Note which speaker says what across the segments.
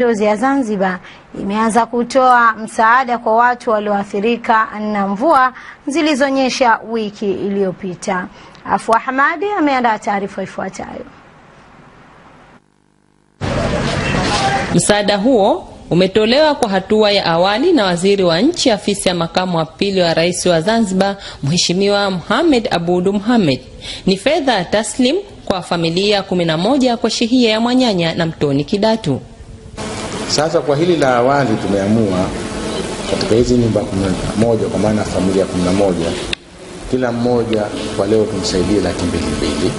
Speaker 1: Balozi ya Zanzibar imeanza kutoa msaada kwa watu walioathirika na mvua zilizonyesha wiki iliyopita. afu ahmadi ameandaa taarifa ifuatayo. Msaada huo umetolewa kwa hatua ya awali na waziri wa nchi, afisi ya makamu wa pili wa rais wa Zanzibar, Mheshimiwa Mohamed Abudu Mohamed. Ni fedha taslim kwa familia 11 kwa shehia ya Mwanyanya na Mtoni Kidatu.
Speaker 2: Sasa kwa hili la awali tumeamua katika hizi nyumba kumi na moja kwa maana familia kumi na moja kila mmoja kwa leo tumsaidie laki mbili mbili,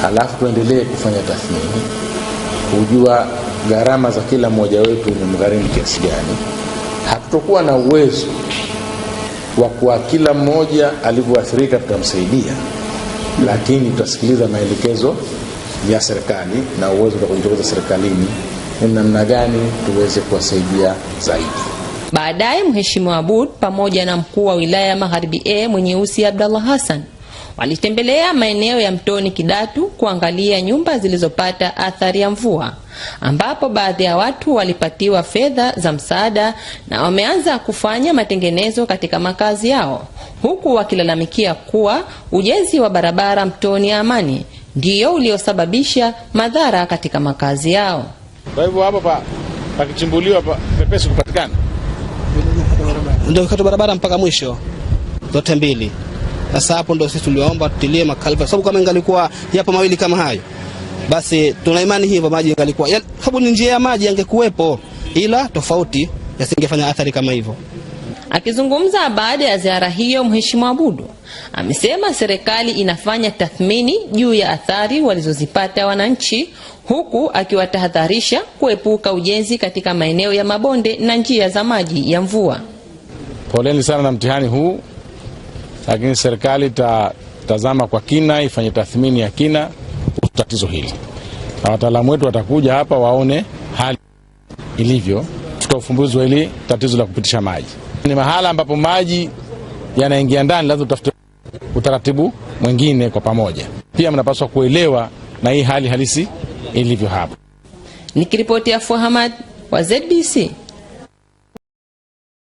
Speaker 2: halafu tuendelee kufanya tathmini kujua gharama za kila mmoja wetu ni mgharimu kiasi gani. Hatutokuwa na uwezo wa kuwa kila mmoja alivyoathirika tutamsaidia, lakini tutasikiliza maelekezo ya serikali na uwezo wa kujitokeza serikalini ni namna gani tuweze kuwasaidia zaidi.
Speaker 1: Baadaye Mheshimiwa Abud pamoja na mkuu wa wilaya ya Magharibi e mwenye usi Abdallah Hassan walitembelea maeneo ya Mtoni Kidatu kuangalia nyumba zilizopata athari ya mvua ambapo baadhi ya watu walipatiwa fedha za msaada na wameanza kufanya matengenezo katika makazi yao huku wakilalamikia kuwa ujenzi wa barabara Mtoni ya Amani ndiyo uliosababisha madhara katika makazi yao.
Speaker 3: Kwa hivyo hapo pa pakichimbuliwa pa, pepesi kupatikana,
Speaker 4: ndio kato barabara mpaka mwisho zote mbili. Sasa hapo ndio sisi tuliwaomba tutilie makalva, sababu kama ingalikuwa yapo mawili kama hayo, basi tuna imani hivyo maji ingalikuwa, yaani sababu ni njia ya maji yangekuwepo, ila tofauti yasingefanya athari kama hivyo.
Speaker 1: Akizungumza baada ya ziara hiyo, Mheshimiwa Abudu amesema serikali inafanya tathmini juu ya athari walizozipata wananchi, huku akiwatahadharisha kuepuka ujenzi katika maeneo ya mabonde na njia za maji ya mvua.
Speaker 5: Poleni sana na mtihani huu, lakini serikali itatazama kwa kina, ifanye tathmini ya kina kuhusu tatizo hili, na wataalamu wetu watakuja hapa waone hali ilivyo, tuta ufumbuzi wa hili tatizo la kupitisha maji. Ni mahala ambapo maji yanaingia ndani, lazima utafute utaratibu mwingine kwa pamoja. Pia mnapaswa kuelewa na hii hali halisi ilivyo hapa.
Speaker 1: Nikiripotia Fuhamad wa ZBC.